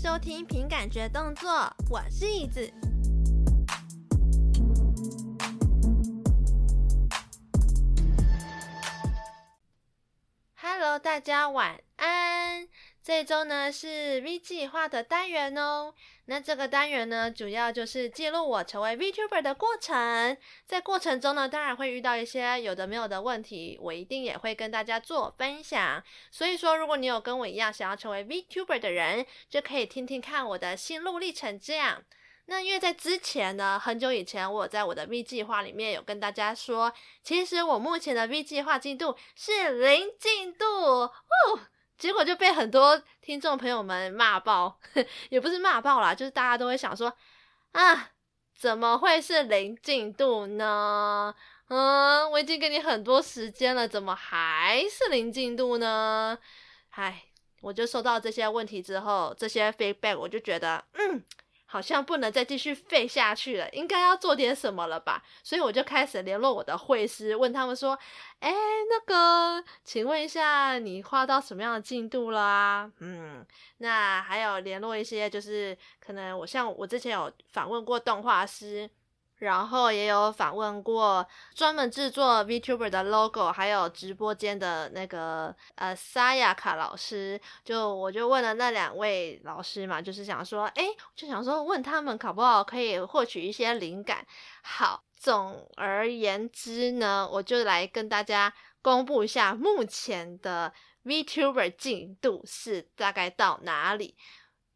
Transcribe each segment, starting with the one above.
收聽憑感覺動作，我是怡子。Hello，大家晚安。這一周呢是 V 計劃的單元哦。那這個單元呢，主要就是記錄我成為 VTuber 的過程。在過程中呢，當然會遇到一些有的沒有的問題，我一定也會跟大家做分享。所以說，如果你有跟我一樣想要成為 VTuber 的人，就可以聽聽看我的心路歷程。這樣，那因為在之前呢，很久以前我有在我的 V 計劃裡面有跟大家說，其實我目前的 V 計劃進度是零進度。結果就被很多聽眾朋友們罵爆，也不是罵爆啦，就是大家都會想說，啊，怎麼會是零進度呢？嗯，我已經給你很多時間了，怎麼還是零進度呢？唉，我就收到這些問題之後，這些 feedback，我就覺得，嗯。好像不能再繼續廢下去了，應該要做點什麼了吧？所以我就開始聯絡我的繪師，問他們說：“誒，那個，請問一下，你畫到什麼樣的進度啦？”嗯，那還有聯絡一些，就是可能我像我之前有訪問過動畫師。然後也有訪問過專門制作 VTuber 的 logo，還有直播間的那個呃沙雅卡老師，就我就問了那兩位老師嘛，就是想說，誒就想說問他們搞不好可以獲取一些靈感。好，總而言之呢，我就來跟大家公布一下目前的 VTuber 進度是大概到哪裡。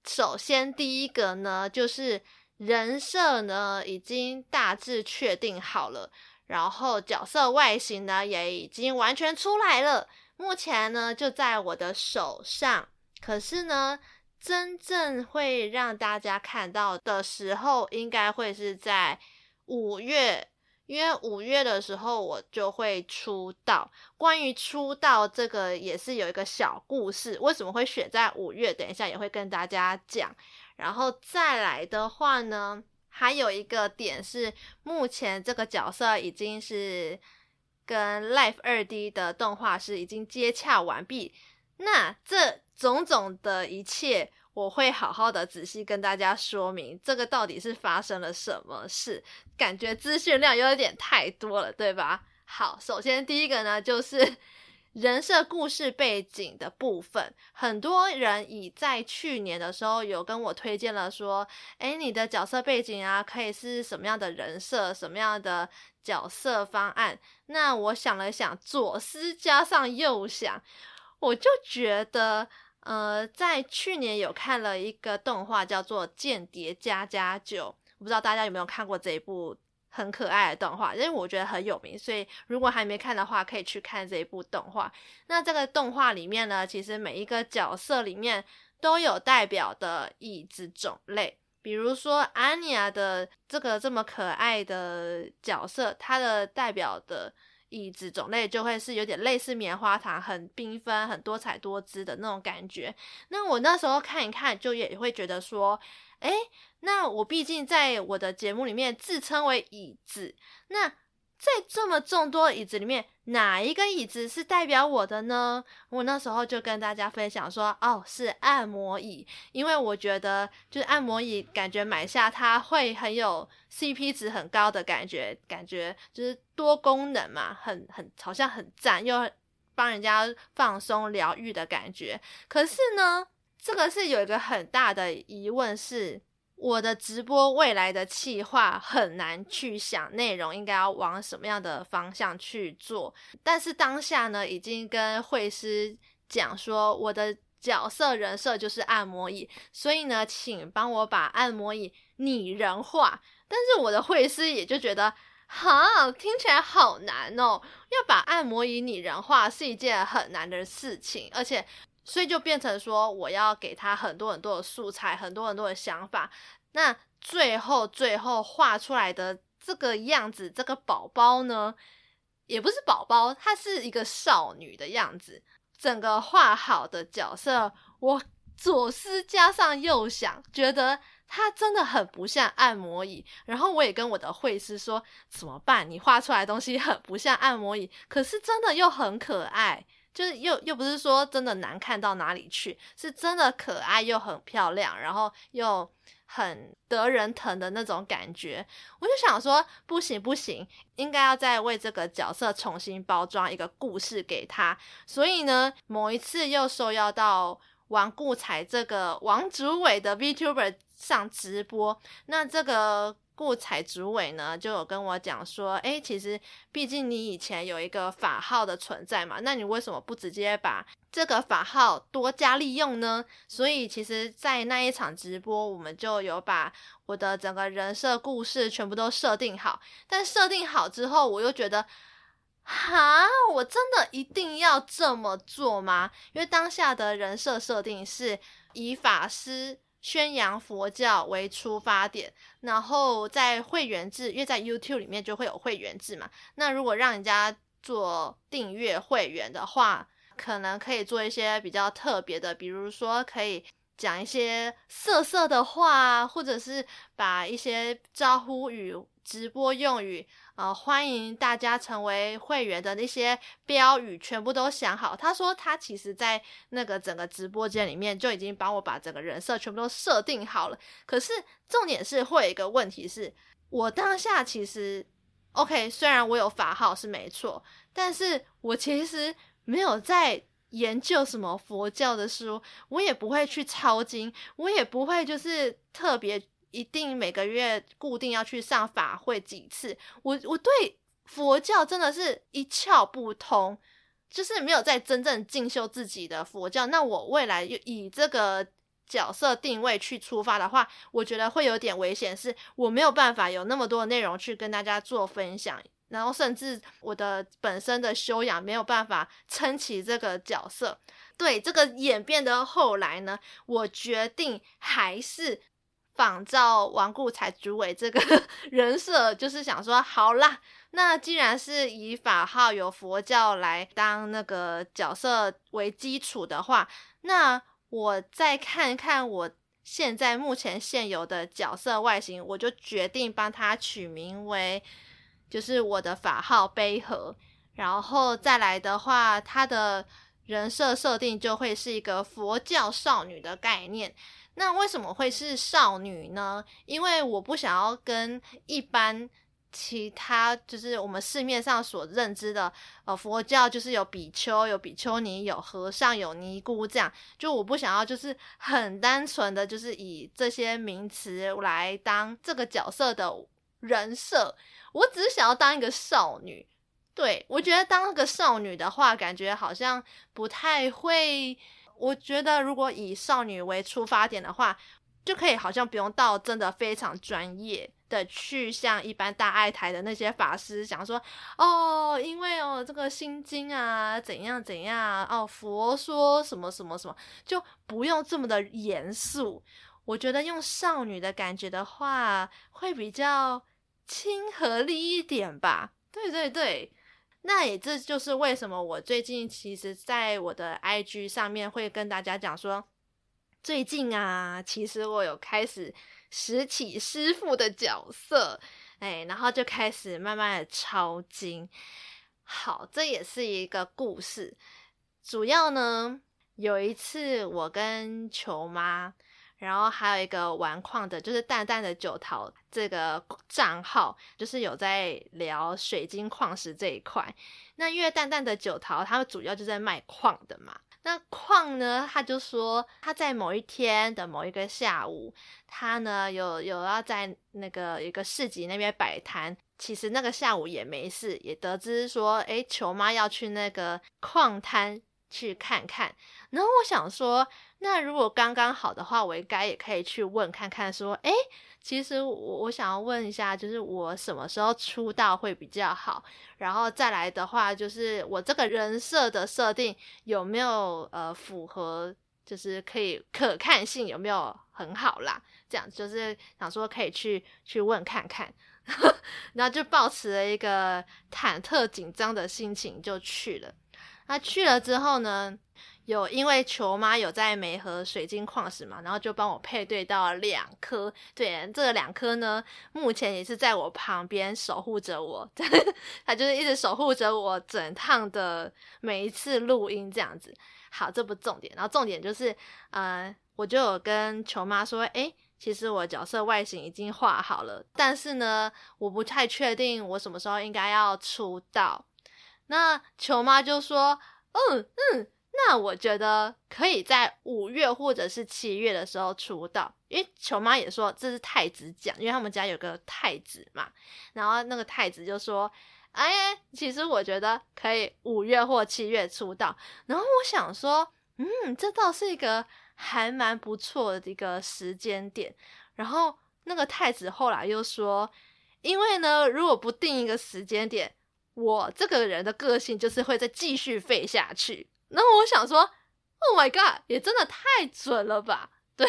首先第一個呢，就是。人設呢已經大致確定好了，然後角色外形呢也已經完全出來了。目前呢就在我的手上，可是呢真正會讓大家看到的時候，應該會是在五月，因為五月的時候我就會出道。關於出道這個也是有一個小故事，為什麼會選在五月？等一下也會跟大家講。然後再來的話呢，還有一個點是，目前這個角色已經是跟 Live2D 的動畫師已經接洽完畢。那這種種的一切，我會好好的仔細跟大家說明，這個到底是發生了什麼事？感覺資訊量有點太多了，對吧？好，首先第一個呢，就是。人設故事背景的部分，很多人已在去年的時候有跟我推薦了，說：“哎，你的角色背景啊，可以是什麼樣的人設，什麼樣的角色方案？”那我想了想，左思加上右想，我就覺得，呃，在去年有看了一個動畫叫做《間諜家家酒》，我不知道大家有沒有看過這一部。很可愛的動畫，因為我覺得很有名，所以如果還沒看的話，可以去看這一部動畫。那這個動畫裡面呢，其實每一個角色裡面都有代表的椅子種類，比如說安妮亞的這個這麼可愛的角色，她的代表的椅子種類就會是有點類似棉花糖，很繽紛、很多彩多姿的那種感覺。那我那時候看一看，就也會覺得說。誒，那我畢竟在我的節目裡面自稱為椅子，那在這麼眾多椅子裡面，哪一個椅子是代表我的呢？我那時候就跟大家分享說，哦，是按摩椅，因為我覺得就是按摩椅，感覺買下它會很有 CP 值很高的感覺，感覺就是多功能嘛，很很好像很讚，又幫人家放鬆療癒的感覺。可是呢，這個是有一個很大的疑問是，是我的直播未來的企劃，很難去想內容應該要往什麼樣的方向去做。但是當下呢，已經跟繪師講說，我的角色人設就是按摩椅，所以呢，請幫我把按摩椅擬人化。但是我的繪師也就覺得，哈，聽起來好難哦，要把按摩椅擬人化是一件很難的事情，而且。所以就變成說，我要給他很多很多的素材，很多很多的想法。那最後最後畫出來的這個樣子，這個寶寶呢，也不是寶寶，她是一個少女的樣子。整個畫好的角色，我左思加上右想，覺得她真的很不像按摩椅。然後我也跟我的繪師說，怎麼辦？你畫出來的東西很不像按摩椅，可是真的又很可愛。就是又又不是說真的難看到哪裡去，是真的可愛又很漂亮，然後又很得人疼的那種感覺。我就想說不行不行，應該要再為這個角色重新包裝一個故事給他。所以呢，某一次又受邀到王顧才這個王祖偉的 VTuber 上直播，那這個。故彩主委呢就有跟我講說，誒、欸，其實畢竟你以前有一個法號的存在嘛，那你為什麼不直接把這個法號多加利用呢？所以其實，在那一場直播，我們就有把我的整個人設故事全部都設定好。但設定好之後，我又覺得，哈，我真的一定要這麼做嗎？因為當下的人設設定是以法師。宣揚佛教為出發點，然後在會員制，因為在 YouTube 裡面就會有會員制嘛。那如果讓人家做訂閱會員的話，可能可以做一些比較特別的，比如說可以講一些色色的話，或者是把一些招呼語、直播用語。啊、呃，歡迎大家成為會員的那些標語全部都想好。他說他其實在那個整個直播間裡面就已經幫我把整個人設全部都設定好了。可是重點是會有一個問題是，我當下其實，OK，雖然我有法號是沒錯，但是我其實沒有在研究什麼佛教的書，我也不會去抄經，我也不會就是特別。一定每個月固定要去上法會幾次。我我對佛教真的是一竅不通，就是沒有在真正進修自己的佛教。那我未來以這個角色定位去出發的話，我覺得會有點危險，是我沒有辦法有那麼多的內容去跟大家做分享，然後甚至我的本身的修養沒有辦法撐起這個角色。對，這個演變的後來呢，我決定還是。仿照頑固才主委這個人設，就是想說，好啦，那既然是以法號有佛教來當那個角色為基礎的話，那我再看看我現在目前現有的角色外形，我就決定幫他取名為，就是我的法號悲和，然後再來的話，他的人設設定就會是一個佛教少女的概念。那為什麼會是少女呢？因為我不想要跟一般其他，就是我們市面上所認知的，呃，佛教就是有比丘、有比丘尼、有和尚、有尼姑這樣。就我不想要，就是很單純的就是以這些名詞來當這個角色的人設。我只是想要當一個少女。對，我覺得當個少女的話，感覺好像不太會。我覺得，如果以少女為出發點的話，就可以好像不用到真的非常專業的去像一般大愛台的那些法師講說，哦，因為哦這個心經啊怎樣怎樣哦佛說什麼什麼什麼，就不用這麼的嚴肅。我覺得用少女的感覺的話，會比較親和力一點吧。對對對。那也這就是為什麼我最近其實在我的 IG 上面會跟大家講說，最近啊，其實我有開始拾起師傅的角色，哎、欸，然後就開始慢慢的抄經。好，這也是一個故事。主要呢，有一次我跟球媽。然後還有一個玩礦的，就是淡淡的酒桃這個賬號，就是有在聊水晶礦石這一塊。那因為淡淡的酒桃，他們主要就是在賣礦的嘛。那礦呢，他就說他在某一天的某一個下午，他呢有有要在那個一個市集那邊擺攤。其實那個下午也沒事，也得知說，誒，球媽要去那個礦攤去看看。然後我想說。那如果剛剛好的話，我應該也可以去問看看，說，誒，其實我我想要問一下，就是我什麼時候出道會比較好？然後再來的話，就是我這個人設的設定有沒有呃符合，就是可以，可以，可看性有沒有很好啦？這樣就是想說可以去去問看看，然後就抱持了一個忐忑緊張的心情就去了。那去了之後呢？有，因為球媽有在媒合水晶礦石嘛，然後就幫我配對到兩顆。對，這兩顆呢，目前也是在我旁邊守護着我呵呵，他就是一直守護着我整趟的每一次錄音這樣子。好，這不重點，然後重點就是，嗯，呃，我就有跟球媽說，哎，其實我角色外形已經畫好了，但是呢，我不太確定我什麼時候應該要出道。那球媽就說，嗯嗯。那我覺得可以在五月或者是七月的時候出道，因為球媽也說這是太子獎，因為他們家有個太子嘛。然後那個太子就說：“哎，其實我覺得可以五月或七月出道。”然後我想說：“嗯，這倒是一個還蠻不錯的一個時間點。”然後那個太子後來又說：“因為呢，如果不定一個時間點，我這個人的個性就是會再繼續廢下去。”那我想說，Oh my God，也真的太準了吧？對，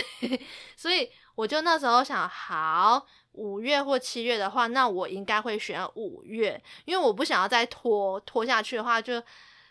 所以我就那時候想，好，五月或七月的話，那我應該會選五月，因為我不想要再拖拖下去的話就，就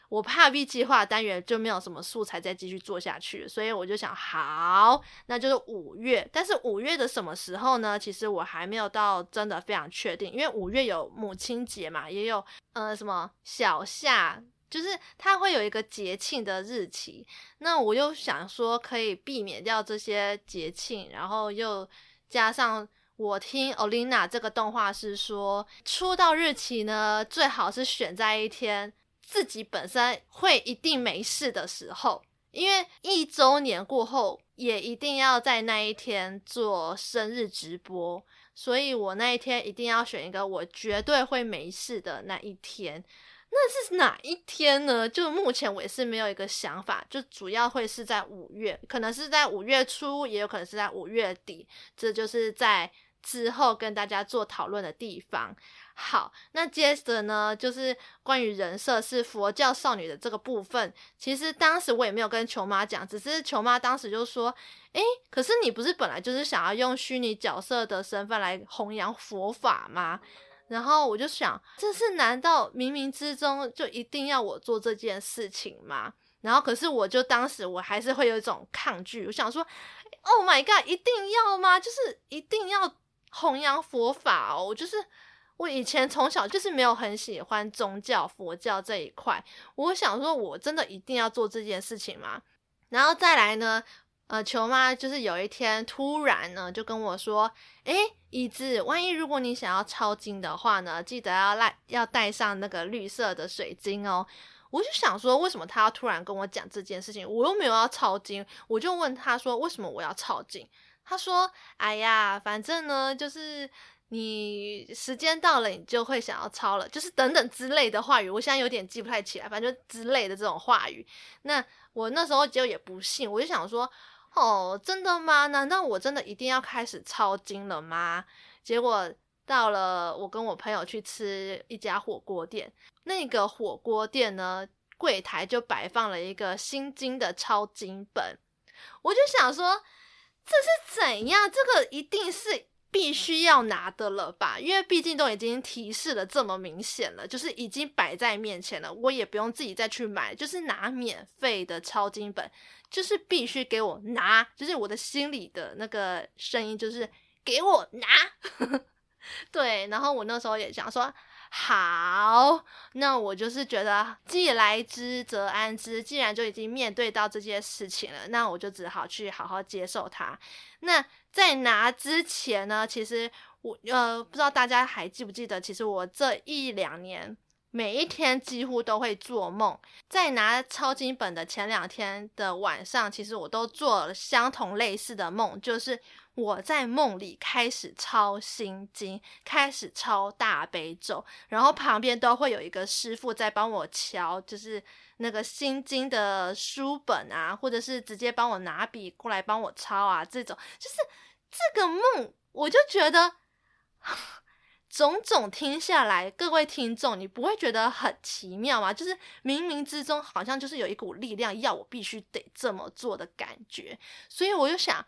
我怕 V 計劃單元就沒有什麼素材再繼續做下去，所以我就想，好，那就是五月。但是五月的什麼時候呢？其實我還沒有到真的非常確定，因為五月有母親節嘛，也有呃什麼小夏。就是它會有一個節慶的日期，那我又想說可以避免掉這些節慶，然後又加上我聽 Olena 這個動畫師說，出道日期呢最好是選在一天自己本身會一定沒事的時候，因為一周年過後也一定要在那一天做生日直播，所以我那一天一定要選一個我絕對會沒事的那一天。那是哪一天呢？就目前我也是沒有一個想法，就主要會是在五月，可能是在五月初，也有可能是在五月底，這就是在之後跟大家做討論的地方。好，那接着呢，就是關於人設是佛教少女的這個部分，其實當時我也沒有跟球媽講，只是球媽當時就說：“誒，可是你不是本來就是想要用虛擬角色的身份來弘揚佛法嗎？”然後我就想，這是難道冥冥之中就一定要我做這件事情嗎？然後可是我就當時我還是會有一種抗拒，我想說，Oh my God，一定要嗎？就是一定要弘揚佛法哦。就是我以前從小就是沒有很喜歡宗教，佛教這一塊，我想說，我真的一定要做這件事情嗎？然後再來呢？呃，球媽就是有一天突然呢就跟我說：“誒，椅子，萬一如果你想要抄經的話呢，記得要帶要帶上那個綠色的水晶哦。”我就想說，為什麼他要突然跟我講這件事情？我又沒有要抄經。我就問他說：“為什麼我要抄經？”他說：“哎呀，反正呢就是你時間到了，你就會想要抄了，就是等等之類的話語。”我現在有點記不太起來，反正就之類的這種話語。那我那時候就也不信，我就想說。哦，真的嗎？難道我真的一定要開始抄經了嗎？結果到了，我跟我朋友去吃一家火鍋店，那個火鍋店呢，櫃檯就擺放了一個心經的抄經本，我就想說，這是怎樣？這個一定是必須要拿的了吧？因為畢竟都已經提示了這麼明顯了，就是已經擺在面前了，我也不用自己再去買，就是拿免費的抄經本。就是必須給我拿，就是我的心裡的那個聲音就是給我拿， 對。然後我那時候也想說，好，那我就是覺得既來之則安之，既然就已經面對到這件事情了，那我就只好去好好接受它。那在拿之前呢，其實我呃不知道大家還記不記得，其實我這一兩年。每一天幾乎都會做夢，在拿抄經本的前兩天的晚上，其實我都做了相同類似的夢，就是我在夢裡開始抄心經，開始抄大悲咒，然後旁邊都會有一個師傅在幫我敲，就是那個心經的書本啊，或者是直接幫我拿筆過來幫我抄啊，這種就是這個夢，我就覺得。 種種聽下來，各位聽眾，你不會覺得很奇妙嗎？就是冥冥之中，好像就是有一股力量要我必須得這麼做的感覺。所以我就想，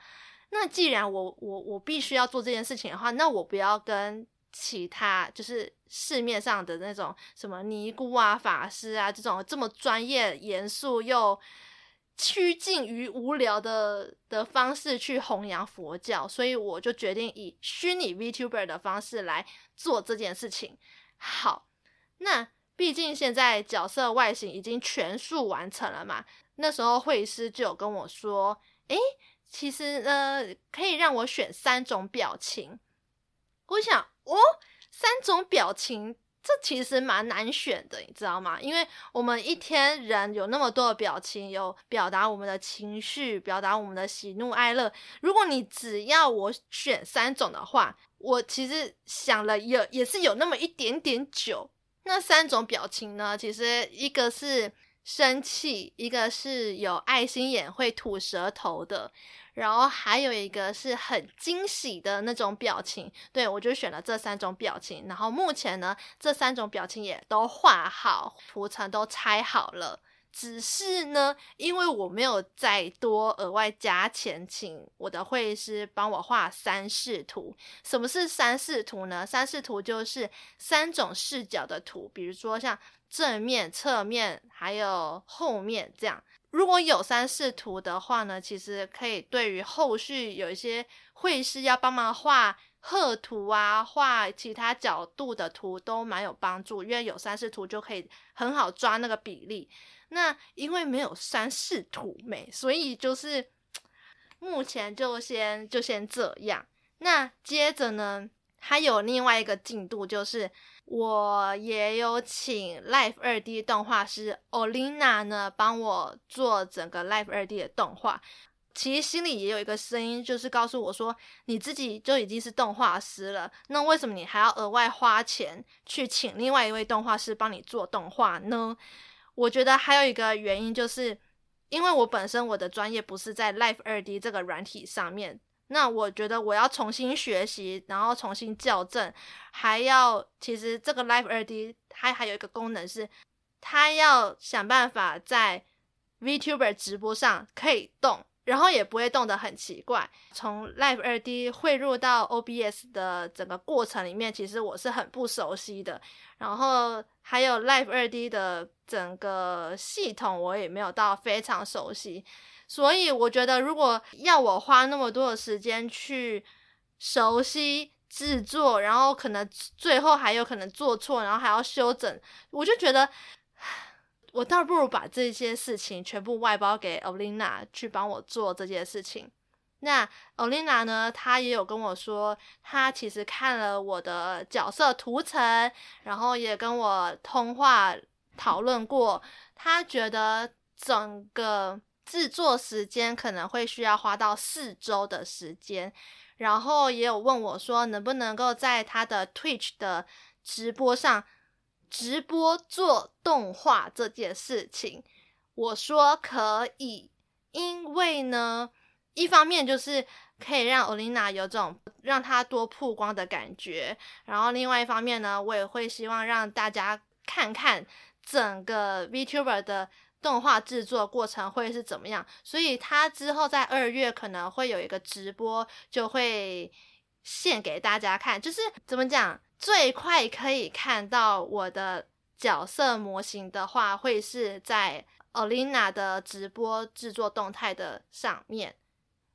那既然我我我必須要做這件事情的話，那我不要跟其他就是市面上的那種什麼尼姑啊、法師啊這種這麼專業、嚴肅又，趨近於無聊的的方式去弘揚佛教，所以我就決定以虛擬 VTuber 的方式來做這件事情。好，那畢竟現在角色外形已經全數完成了嘛，那時候繪師就有跟我說：“誒，其實呢、呃，可以讓我選三種表情。”我想，哦，三種表情。這其實蠻難選的，你知道嗎？因為我們一天人有那麼多的表情，有表達我們的情緒，表達我們的喜怒哀樂。如果你只要我選三種的話，我其實想了有也，也是有那麼一點點久。那三種表情呢，其實一個是生氣，一個是有愛心眼會吐舌頭的。然後還有一個是很驚喜的那種表情，對我就選了這三種表情。然後目前呢，這三種表情也都畫好，圖層都拆好了。只是呢，因為我沒有再多額外加錢，請我的繪師幫我畫三視圖。什麼是三視圖呢？三視圖就是三種視角的圖，比如說像。正面、側面還有後面，這樣如果有三視圖的話呢，其實可以對於後續有一些繪師要幫忙畫賀圖啊，畫其他角度的圖都蠻有幫助，因為有三視圖就可以很好抓那個比例。那因為沒有三視圖沒、欸，所以就是目前就先就先這樣。那接着呢，還有另外一個進度就是。我也有請 Live2D 動畫師 Olina 呢，幫我做整個 Live2D 的動畫。其實心裡也有一個聲音，就是告訴我說，你自己就已經是動畫師了，那為什麼你還要額外花錢去請另外一位動畫師幫你做動畫呢？我覺得還有一個原因，就是因為我本身我的專業不是在 Live2D 這個軟體上面。那我覺得我要重新學習，然後重新校正，還要其實這個 Live2D 它還有一個功能是，它要想辦法在 VTuber 直播上可以動，然後也不會動得很奇怪。從 Live2D 匯入到 OBS 的整個過程裡面，其實我是很不熟悉的。然後還有 Live2D 的整個系統，我也沒有到非常熟悉。所以我覺得，如果要我花那麼多的時間去熟悉製作，然後可能最後還有可能做錯，然後還要修整，我就覺得，我倒不如把這些事情全部外包給歐琳娜去幫我做這些事情。那歐琳娜呢，她也有跟我說，她其實看了我的角色圖層，然後也跟我通話討論過，她覺得整個。製作時間可能會需要花到四週的時間，然後也有問我說能不能夠在他的 Twitch 的直播上直播做動畫這件事情，我說可以，因為呢，一方面就是可以讓 Olina 有種讓他多曝光的感覺，然後另外一方面呢，我也會希望讓大家看看整個 VTuber 的。動畫製作過程會是怎麼樣？所以他之後在二月可能會有一個直播，就會獻給大家看。就是怎麼講，最快可以看到我的角色模型的話，會是在 Olina 的直播製作動態的上面。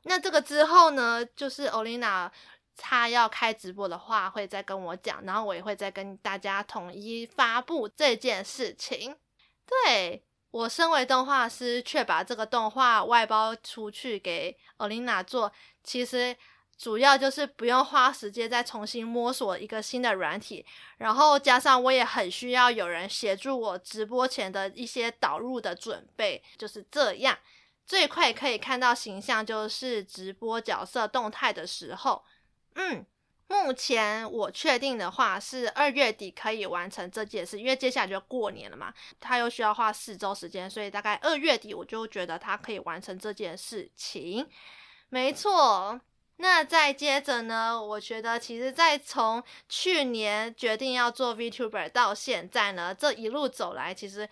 那這個之後呢，就是 Olina 她要開直播的話，會再跟我講，然後我也會再跟大家統一發佈這件事情。對。我身為動畫師，卻把這個動畫外包出去給歐琳娜做，其實主要就是不用花時間再重新摸索一個新的軟體，然後加上我也很需要有人協助我直播前的一些導入的準備，就是這樣。最快可以看到形象就是直播角色動態的時候，嗯。目前我確定的話是二月底可以完成這件事，因為接下來就過年了嘛，他又需要花四周時間，所以大概二月底我就覺得他可以完成這件事情。沒錯，那再接着呢，我覺得其實在從去年決定要做 VTuber 到現在呢，這一路走來，其實，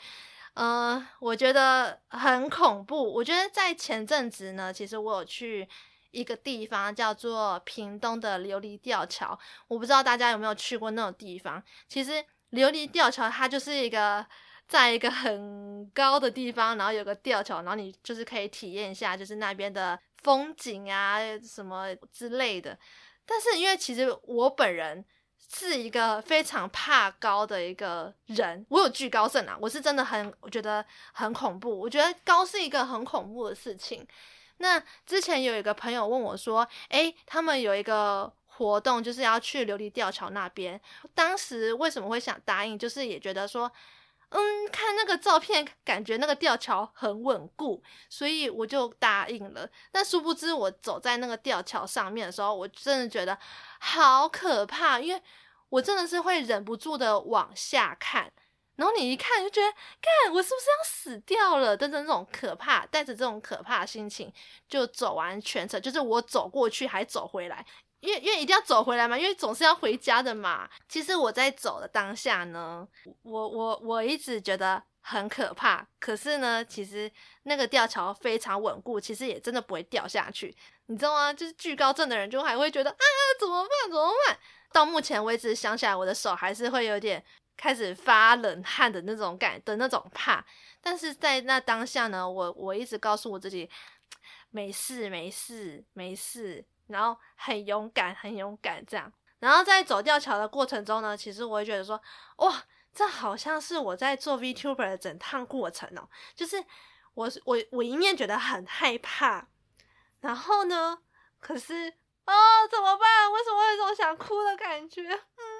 呃，我覺得很恐怖。我覺得在前陣子呢，其實我有去。一個地方叫做屏東的琉璃吊橋，我不知道大家有沒有去過那種地方。其實琉璃吊橋它就是一個在一個很高的地方，然後有個吊橋，然後你就是可以體驗一下，就是那邊的風景啊什麼之類的。但是因為其實我本人是一個非常怕高的一個人，我有懼高症啊，我是真的很，我覺得很恐怖，我覺得高是一個很恐怖的事情。那之前有一個朋友問我說：“誒、欸，他們有一個活動，就是要去琉璃吊橋那邊。當時為什麼會想答應？就是也覺得說，嗯，看那個照片，感覺那個吊橋很穩固，所以我就答應了。但殊不知，我走在那個吊橋上面的時候，我真的覺得好可怕，因為我真的是會忍不住的往下看。”然後你一看，就覺得，幹，我是不是要死掉了？等着那種可怕，帶着這種可怕的心情，就走完全程，就是我走過去還走回來，因為因為一定要走回來嘛，因為總是要回家的嘛。其實我在走的當下呢，我我我一直覺得很可怕。可是呢，其實那個吊橋非常穩固，其實也真的不會掉下去，你知道嗎？就是懼高症的人就還會覺得啊，怎麼辦？怎麼辦？到目前為止，想起來我的手還是會有點。開始發冷汗的那種感的那種怕，但是在那當下呢，我我一直告訴我自己，沒事沒事沒事，然後很勇敢很勇敢這樣。然後在走吊橋的過程中呢，其實我會覺得說，哇，這好像是我在做 VTuber 的整趟過程哦，就是我我我一面覺得很害怕，然後呢，可是哦，怎麼辦？為什麼我有一種想哭的感覺？嗯。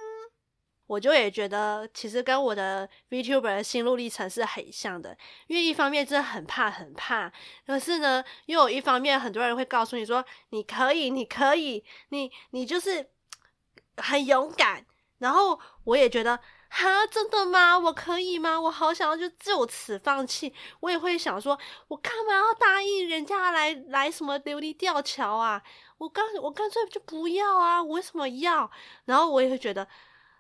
我就也覺得，其實跟我的 VTuber 的心路歷程是很像的。因為一方面真的很怕很怕，可是呢，又有一方面很多人會告訴你說：“你可以，你可以，你你就是很勇敢。”然後我也覺得：“啊，真的嗎？我可以嗎？我好想要就就此放棄。”我也會想說：“我幹嘛要答應人家來來什麼琉璃吊橋啊？我剛我乾脆就不要啊！我為什麼要？”然後我也會覺得。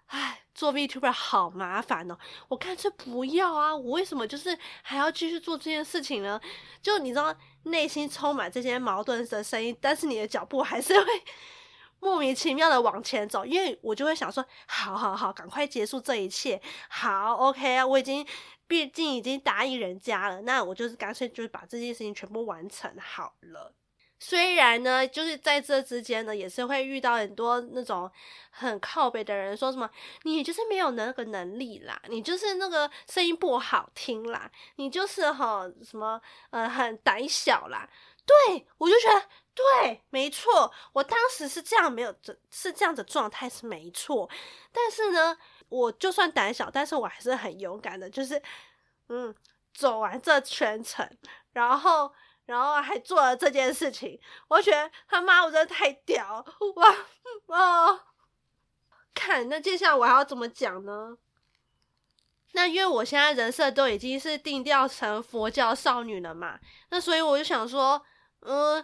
哎，做 VTuber 好麻煩哦！我乾脆不要啊！我為什麼就是還要繼續做這件事情呢？就你知道，內心充滿這些矛盾的聲音，但是你的腳步還是會莫名其妙的往前走。因為我就會想說，好好好，趕快結束這一切。好，OK 啊，我已經畢竟已經答應人家了，那我就是乾脆就是把這件事情全部完成好了。雖然呢，就是在這之間呢，也是會遇到很多那種很靠北的人，說什麼你就是沒有那個能力啦，你就是那個聲音不好聽啦，你就是吼什麼呃很膽小啦。對我就覺得對，沒錯，我當時是這樣，沒有這是這樣的狀態是沒錯。但是呢，我就算膽小，但是我還是很勇敢的，就是嗯，走完這全程，然後。然後還做了這件事情，我覺得他媽我真的太屌，哇哦，看那接下來我還要怎麼講呢？那因為我現在人設都已經是定調成佛教少女了嘛，那所以我就想說，嗯，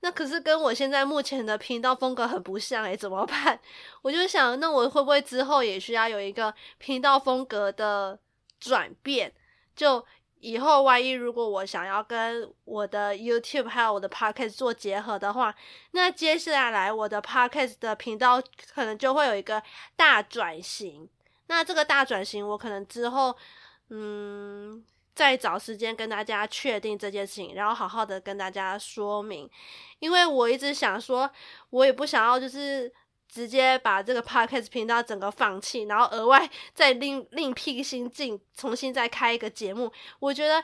那可是跟我現在目前的頻道風格很不像欸，怎麼辦？我就想，那我會不會之後也需要有一個頻道風格的轉變？就。以後萬一如果我想要跟我的 YouTube 還有我的 Podcast 做結合的話，那接下來我的 Podcast 的頻道可能就會有一個大轉型。那這個大轉型，我可能之後嗯，再找時間跟大家確定這件事情，然後好好的跟大家說明，因為我一直想說，我也不想要就是。直接把這個 podcast 頻道整個放棄，然後額外再另另闢新徑，重新再開一個節目。我覺得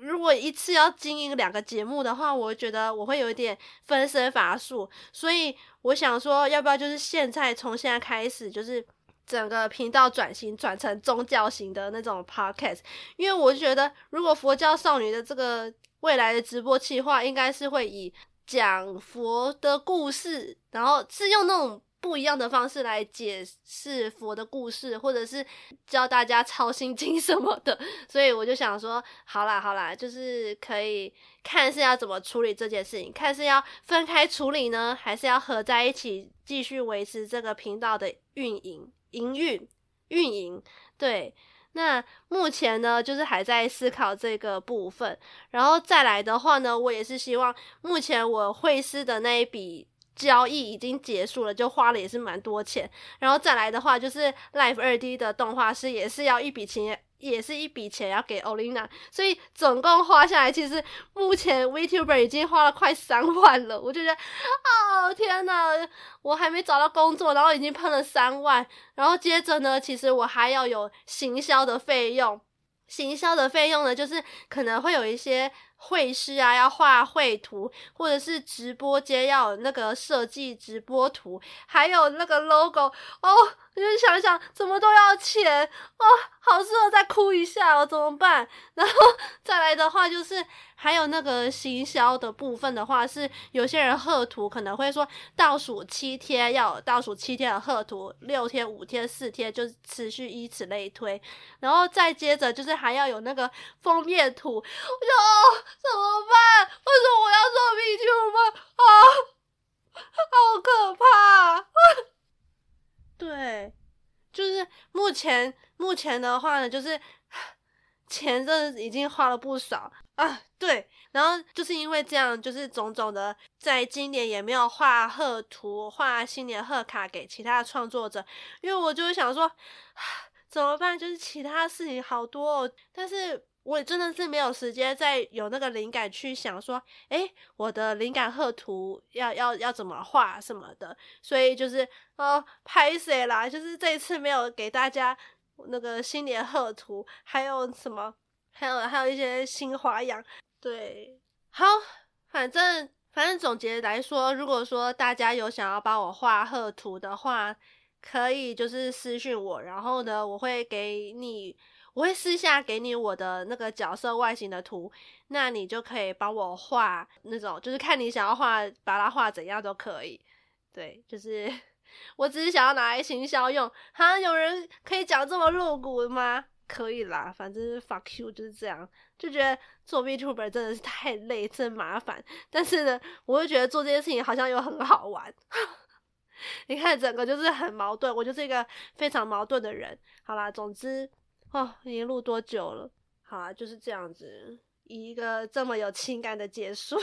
如果一次要經營兩個節目的話，我覺得我會有一點分身乏術。所以我想說，要不要就是現在從現在開始，就是整個頻道轉型轉成宗教型的那種 podcast。因為我覺得如果佛教少女的這個未來的直播計劃，應該是會以。講佛的故事，然後是用那種不一樣的方式來解釋佛的故事，或者是教大家抄心經什麼的。所以我就想說，好啦好啦，就是可以看是要怎麼處理這件事情，看是要分開處理呢，還是要合在一起繼續維持這個頻道的運營、營運、運營。對。那目前呢，就是還在思考這個部分，然後再來的話呢，我也是希望，目前我繪師的那一筆交易，已經結束了，就花了也是蠻多錢，然後再來的話，就是 Live2D 的動畫師也是要一筆錢。也是一筆錢要給 Olina，所以總共花下來，其實目前 VTuber 已經花了快三萬了。我就覺得，哦天吶，我還沒找到工作，然後已經噴了三萬，然後接着呢，其實我還要有行銷的費用，行銷的費用呢，就是可能會有一些。繪師啊，要畫繪圖，或者是直播間要有那個設計直播圖，還有那個 logo 哦，我就想想怎麼都要錢哦，好，是我再哭一下、哦，我怎麼辦？然後再來的話，就是還有那個行銷的部分的話，是有些人賀圖可能會說倒數七天要有倒數七天的賀圖，六天、五天、四天就持續依此類推，然後再接着就是還要有那個封面圖喲。我就哦怎麼辦？為什麼我要做皮球嗎？啊，好可怕、啊！ 對，就是目前目前的話呢，就是錢這已經花了不少啊。對，然後就是因為這樣，就是種種的，在今年也沒有畫賀圖、畫新年賀卡給其他的創作者，因為我就是想說、啊，怎麼辦？就是其他事情好多、哦，但是。我真的是沒有時間再有那個靈感去想說，誒，我的靈感賀圖要要要怎麼畫什麼的，所以就是哦，拍謝啦，就是這次沒有給大家那個新年賀圖，還有什麼，還有還有一些新花樣。對，好，反正反正總結來說，如果說大家有想要幫我畫賀圖的話，可以就是私訊我，然後呢，我會給你。我會私下給你我的那個角色外形的圖，那你就可以幫我畫那種，就是看你想要畫，把它畫怎樣都可以。對，就是我只是想要拿來行銷用。哈，有人可以講這麼露骨嗎？可以啦，反正 fuck you 就是這樣，就覺得做 VTuber 真的是太累，真麻煩。但是呢，我又覺得做這件事情好像又很好玩。 你看，整個就是很矛盾。我就是一個非常矛盾的人。好啦，總之。哦，已經錄多久了？好啊，就是這樣子，以一個這麼有情感的結束。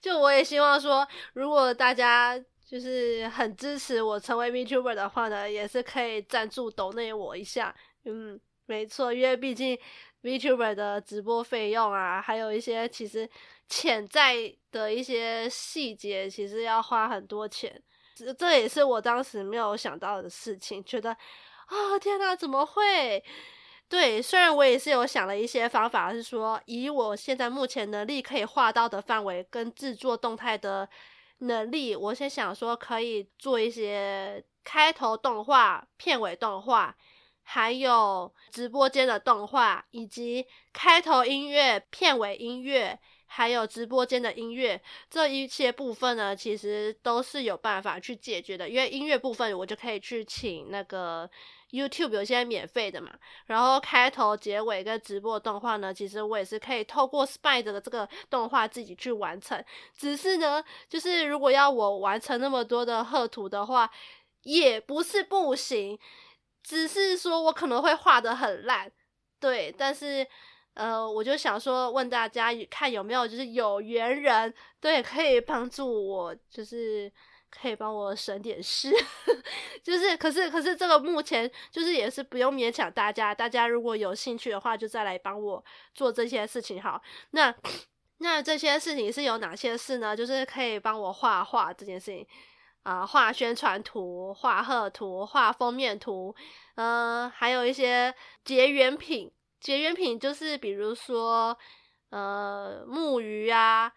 就我也希望說，如果大家就是很支持我成為 VTuber 的話呢，也是可以贊助抖內我一下。嗯，沒錯，因為畢竟 VTuber 的直播費用啊，還有一些其實潛在的一些細節，其實要花很多錢。這這也是我當時沒有想到的事情，覺得啊、哦，天吶，怎麼會？對，雖然我也是有想了一些方法，是說以我現在目前能力可以畫到的範圍跟制作動態的能力，我先想說可以做一些開頭動畫、片尾動畫，還有直播間的動畫，以及開頭音樂、片尾音樂，還有直播間的音樂，這一些部分呢，其實都是有辦法去解決的。因為音樂部分，我就可以去請那個。YouTube 有些免費的嘛，然後開頭、結尾跟直播動畫呢，其實我也是可以透過 Spider 的這個動畫自己去完成。只是呢，就是如果要我完成那麼多的賀圖的話，也不是不行，只是說我可能會畫得很爛，對。但是，呃，我就想說問大家，看有沒有就是有緣人，對，可以幫助我，就是。可以幫我省點事， 就是可是可是這個目前就是也是不用勉強大家，大家如果有興趣的話，就再來幫我做這些事情好。那那這些事情是有哪些事呢？就是可以幫我畫畫這件事情啊、呃，畫宣傳圖、畫賀圖、畫封面圖，嗯、呃，還有一些結緣品。結緣品就是比如說呃木魚啊。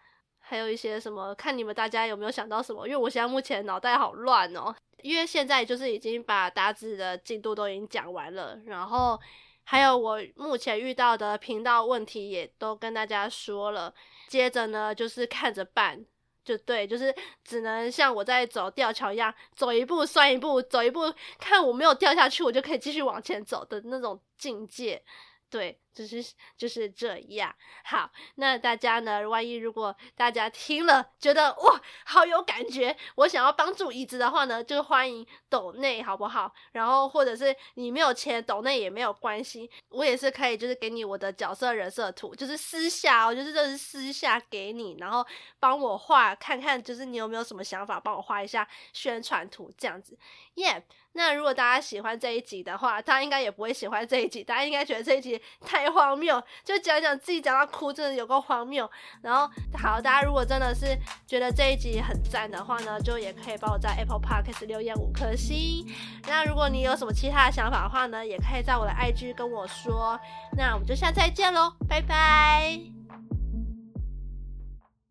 還有一些什麼，看你們大家有沒有想到什麼？因為我現在目前腦袋好亂哦，因為現在就是已經把大致的進度都已經講完了，然後還有我目前遇到的頻道問題也都跟大家說了。接着呢，就是看着辦，就對，就是只能像我在走吊橋一樣，走一步算一步，走一步看我沒有掉下去，我就可以繼續往前走的那種境界，對。就是就是這樣。好，那大家呢？萬一如果大家聽了覺得哇，好有感覺，我想要幫助椅子的話呢，就歡迎抖內好不好？然後或者是你沒有錢抖內也沒有關係，我也是可以就是給你我的角色人設圖，就是私下、哦，我就是就是私下給你，然後幫我畫看看，就是你有沒有什麼想法，幫我畫一下宣傳圖這樣子。耶，yeah，那如果大家喜歡這一集的話，大家應該也不會喜歡這一集，大家應該覺得這一集太。荒謬，就講講自己講到哭，真的有夠荒謬。然後，好，大家如果真的是覺得這一集很贊的話呢，就也可以幫我，在 Apple Podcast 留言五顆星。那如果你有什麼其他的想法的話呢，也可以在我的 IG 跟我說。那我們就下次再見嘍，拜拜。